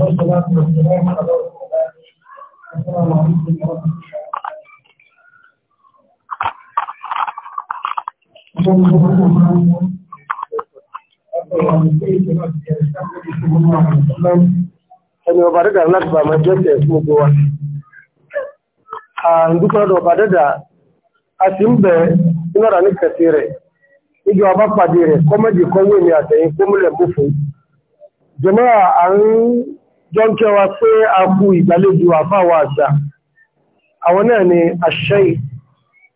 والصلاة والسلام على رسول الله السلام عليكم ورحمة الله ẹni ọba dẹ́dà láti bàmà jẹ́sẹ̀ fún gbogbo wa àǹdúkọ́ ọ̀dọ̀ ọba dẹ́dà a sì ń bẹ̀ nínára ní kẹsì rẹ̀ níjọ ọba pàdé rẹ̀ kọ́mẹ́dì kọ́wé ní àtẹ̀yìn kó múlẹ̀ mú fún jẹ́mọ́ra jọ́nkẹ́ wa pé a kú ìgbàlejò àfáwà àgbà àwọn náà ni àṣẹ́ì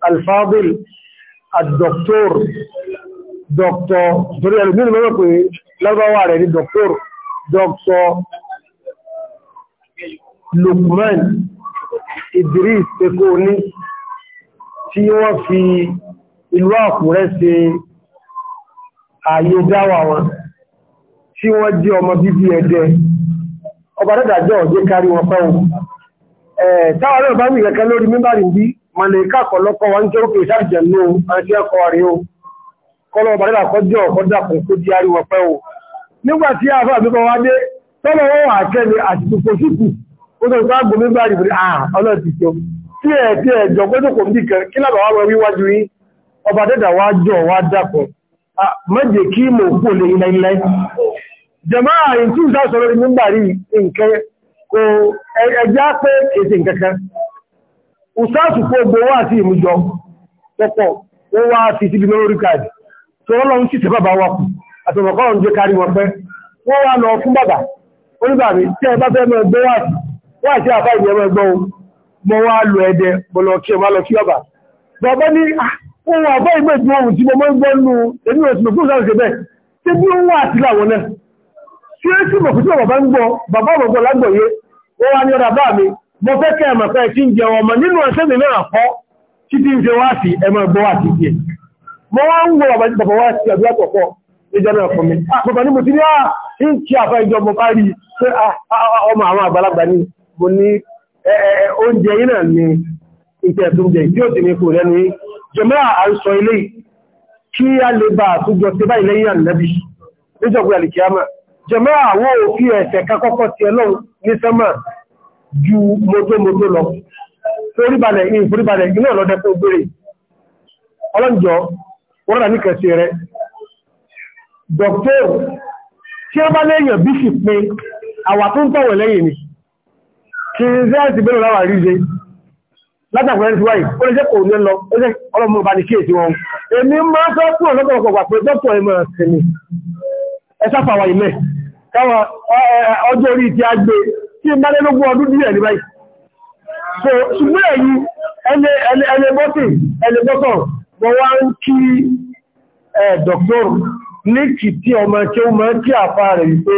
alfadil àdọ̀któr dr torí ẹlùmínú mẹ́rọ pé lọ́gbàwà rẹ̀ ní dr dr lukman idris pekoni tí wọ́n fi ìlú àkúrẹ́ ṣe ààyè dáwà wọn tí wọ́n jẹ́ ọmọ bíbí ẹ̀dẹ́ ọba dẹ́dàjọ́ ọ̀dẹ́ kárí wọn pẹ́ ohun táwọn náà bá wù ìrẹ́kẹ́ lórí mímbàrí bí màlẹ́ká kọ̀lọ́kọ́ wa ń jẹ́ òkè ìsáàjẹ̀ ní o àti ẹ̀kọ́ rẹ̀ o kọ́lọ́ ọba dẹ́dà kọjọ́ ọkọ́ dàpọ̀ kó di arí wọn pẹ́ o nígbà tí àfà mi kọ́ wá dé tọ́lọ́ wọn wà kẹ́ni àti kòkó síkù ó sọ pé àgbò mímbàrí bí ọlọ́ ti tó tí ẹ̀ tí ẹ̀ jọ pé kò ní kan kí lábàá wá wíwájú yín ọba dẹ́dà wá jọ wá dàpọ̀ mẹ́jẹ̀ kí mò ń lè ilẹ̀ jama'a yìí tí ìsá sọ̀rọ̀ ìmúgbàrí nǹkan kò ẹjá pé kèsì nǹkankan ìsáàsù kó gbò wá sí ìmújọ pọ̀pọ̀ ó wá sí ti bímọ orí káàdì tó rọ́lọ́ ń síṣẹ́ bàbá wa kù àtọ̀mọ̀kọ́ ń jẹ́ kárí wọn pẹ́ wọ́n wá lọ fún bàbá oníbàmí tí ẹ bá fẹ́ mọ́ ẹgbẹ́ wá sí wá sí àfá ìyẹn mọ́ ẹgbẹ́ ń wà sí làwọn náà tí ó sì mọ̀ fún tí bàbá ń gbọ́ bàbá ọ̀gbọ̀ lágbọ̀yé ó wá ní mi mo fẹ́ kẹ́ ẹ̀mọ̀ fẹ́ ń ọmọ nínú wá sí ẹ̀mọ̀ ẹ̀gbọ́ bàbá bàbá wá àdúrà ìjọ náà fún mi ah, bàbá mo ti ní à ah, ń kí àfa ìjọ mo bá rí ah, ni mo ní oúnjẹ náà ìtẹ̀ tó jẹ jẹmọ́ àwọn òfin ẹ̀sẹ̀ kakọ́kọ́ ti ẹlọ́run ní sẹ́mà ju mojómojó lọ foríbalẹ̀ ní foríbalẹ̀ iná ọlọ́dẹ́ fún gbére ọlọ́njọ́ wọ́n rà ní kẹsì rẹ̀ dọ̀tọ́ tí ó bá lẹ́yìn bí sì pé àwà tó ń tọ̀wẹ̀ lẹ́yìn ni kí n zẹ́ ti bẹ́rẹ̀ láwà ríje látàkùnrin ti wáyìí ó lè jẹ́ kò ní lọ ó jẹ́ ọlọ́mọ bá ní kíyèsí wọn èmi máa fẹ́ kúrò lọ́pọ̀lọpọ̀ pé dọ́tọ̀ ẹ̀ máa sinmi ẹsáfàwà ilẹ̀ káwà ọjọ́ orí ti agbé tí ń bá lẹ́lógún ọdún díẹ̀ ní báyìí so ṣùgbọ́n èyí ẹlẹ́bọ́tì ẹlẹ́bọ́tọ̀ wọ́n wá ń kí dr níkì tí ọmọ tí ó mọ́ kí àfá rẹ̀ wípé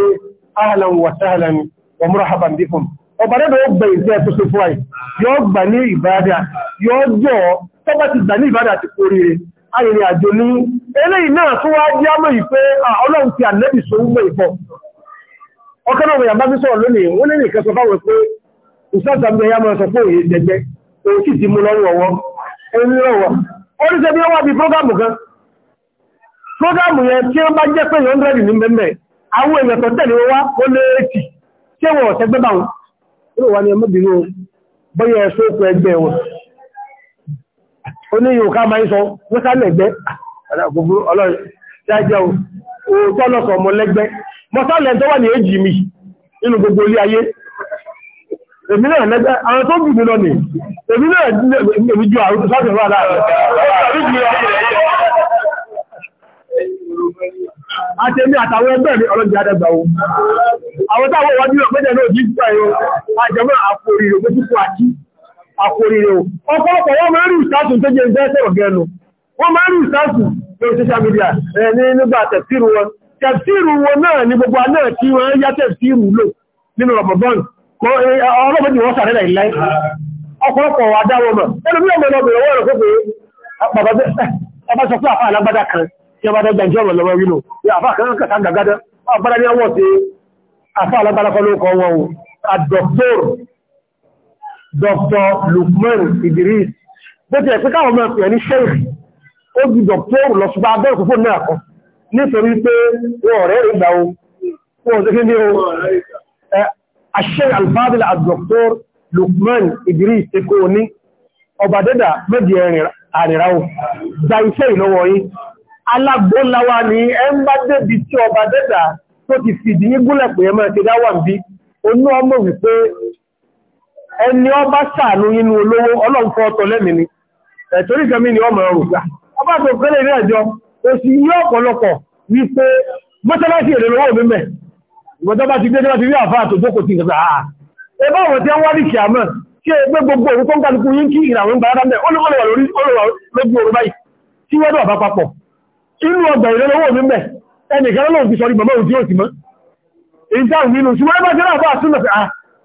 ahlan wa sahlan wa marhaban bikum ọba rẹ̀ ó gbẹ̀ ìfẹ́ tó fún àì arìnrìn àjò ní eléyìí náà tó wá jẹ́ àmọ́ ìpé ọlọ́run ti ànẹ́bì sóúgbọ́ ìfọ́ ọkẹ́ náà wọ̀yàn bá bí sọ̀rọ̀ lónìí wọ́n lè nìkan sọ fáwọn pé ìsáàtàmì ẹ̀yà máa sọ pé òye jẹjẹ òun sì ti mú lọ́rùn ọwọ́ ẹni lọ́wọ́ ó ní sẹ́bí wá bí prógámù kan prógámù yẹn tí wọ́n bá oníyìn òká máa ń sọ wọ́n sálẹ̀gbẹ́ àdàkùnbú ọlọ́rin tí a jẹ́ òótọ́ lọ́sọ̀ ọmọ lẹ́gbẹ́ mọ́sálẹ̀ tó wà ní èjì mi nínú gbogbo ilé ayé èmi náà lẹ́gbẹ́ àwọn tó gbùgbù lọ ní èmi náà èmi ju àrùn sọ́dọ̀ wà láàrin àti èmi àtàwọn ẹgbẹ́ mi ọlọ́jì adẹ́gbà o àwọn táwọn wájú ọ̀pẹ́jẹ̀ náà jí àkóríre o. Ọ̀pọ̀lọpọ̀ wọ́n máa ń rí ìsásùn tó jẹ́ ìgbẹ́ sọ̀rọ̀ gẹnu. Wọ́n máa ń rí ìsásùn lórí social media ẹ̀ ní nígbà tẹ̀síru wọn. Tẹ̀síru wọn náà ni gbogbo náà tí wọ́n yá tẹ̀síru lò nínú Ramadan. Ọlọ́pàá ni wọ́n sàrẹ́lẹ̀ ilẹ̀. Ọ̀pọ̀lọpọ̀ wà dá wọn mọ̀. Ẹnu bí ọmọ ọmọ ìwọ̀n rẹ̀ fẹ́ ah, Ọba eh, sọ fún àfà alágbádá kan tí ọba dẹ́gbà jẹ́ ọmọ lọ́wọ́ wílò. Àfà kan kàtà gàgádá. Ọba dẹ́gbà ni wọ́n ti àfà alágbádá kan ló kọ́ wọn o. Àdọ̀tọ́rù Dr. Lukman Idris bó ti ẹ̀pẹ́ káwọn mẹ́rin pẹ̀lú sheikh ó di dr lọ́sùgbà abẹ́rẹ̀ fúnfún náà kan nítorí pé wọ́n ọ̀rẹ́ ìgbà o wọ́n tó kí ní o àṣẹ alfadila dr Lukman Idris teko ní ọba dẹ́dà méjì àrìrá o gba iṣẹ́ ìlọ́wọ́ yìí alágbóńláwà ní ẹmbá débi tí ọba dẹ́dà tó ti fìdí yígúnlẹ̀ pé ẹmọ́ ti dáwà ń bí onú ọmọ wípé ẹni ọba sàánú inú olówó ọlọ́nkọ́ ọ̀tọ̀ lẹ́mì ni ẹ̀tọ́rí ni ọmọ ọrùn gbà ọba tó kẹ́lẹ̀ ilé ẹjọ́ oṣù yí ọ̀pọ̀lọpọ̀ wípé mọ́tálásí èrè lọ́wọ́ mi mẹ́ ìgbọ́tọ́ bá ti gbé láti rí àfáà ti gbà á ẹgbẹ́ ọ̀rọ̀ tí gbogbo tó ń yín kí ìràwọ̀ ń lórí lójú tí wọ́n papọ̀ inú ọgbà ìrẹ́ lọ́wọ́ mi mẹ́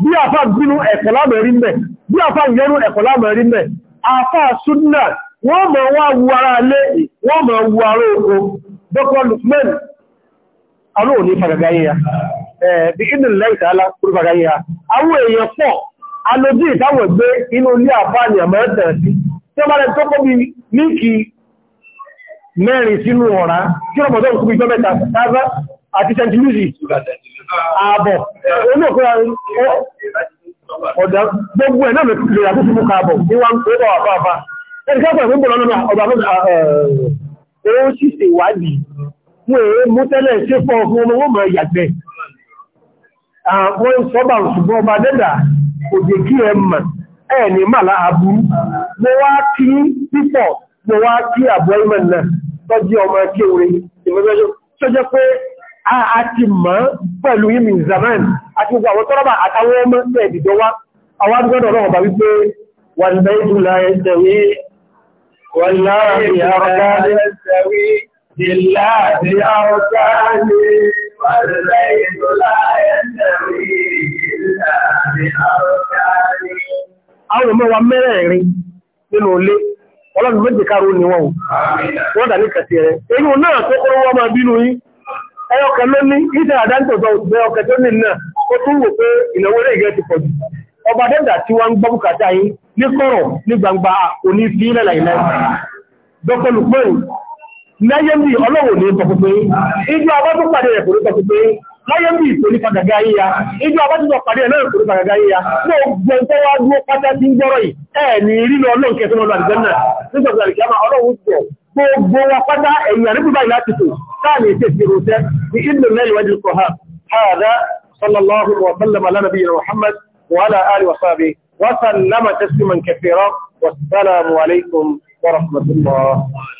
bí àfà bínú ẹ̀kọ́ lámẹ̀rí mẹ́ bí àfà ìyẹnú ẹ̀kọ́ lámẹ̀rí mẹ́ àfà wọ́n mọ̀ wá wu ara alé wọ́n mọ̀ wu ara oko Lukman ní fagagaye ya bí inú lẹ́ìtàlá kúrú fagagaye ya àwọn èèyàn pọ̀ alójú ìtàwọn gbé inú ilé ààbọ̀ ọ̀dà gbogbo ẹ̀ náà lè lè àti ṣubú káàbọ̀ ní wọ́n tó bọ̀ àbá àbá ẹni káàkiri ìwé bọ̀lọ́ náà ọ̀dà fún ẹ̀rọ ṣíṣe ìwádìí mú èrè mú tẹ́lẹ̀ ṣe fọ́ fún ọmọ àti mọ́ pẹ̀lú ìmì zaman àti gbogbo àwọn tọ́rọ̀bà àtàwọn ọmọ ẹ̀dìdọ́ wá àwọn agbọ́dọ̀ náà bá wípé wọ́n bẹ́ ọlọ́run méjì káró ni wọ́n wọ́n dà ní kàtí rẹ̀ èyí náà tó kọ́ wọ́n máa bínú yìí ẹyọkẹ ló ní ìdá àdáńtòtò ìgbẹ́ ọkẹ tó ní náà ó tún wò pé ìnáwó rẹ̀ ìgbẹ́ ti pọ̀jù ọba dẹ́dà tí wọ́n ń gbọ́ bùkátà yìí ní kọ̀rọ̀ ní gbangba òní sí lẹ́làìlẹ́ dr lukman láyé bí ọlọ́wọ̀ ní tọpọpẹ́ ìjọ abọ́dún pàdé rẹ̀ kò ní tọpọpẹ́ láyé bí ìpòlí fàgàgà yíya ìjọ abọ́dún pàdé rẹ̀ náà ìpòlí gbogbo wa pátá ẹ̀yìn àrígbùgbà láti tó káàlì ètè ìrùsẹ́ ní ìlú mẹ́lì wájú kò ha hàdá sallallahu wa sallama ala nabiyyina muhammad wa ala alihi wa sahbihi wa sallama alaikum wa rahmatullah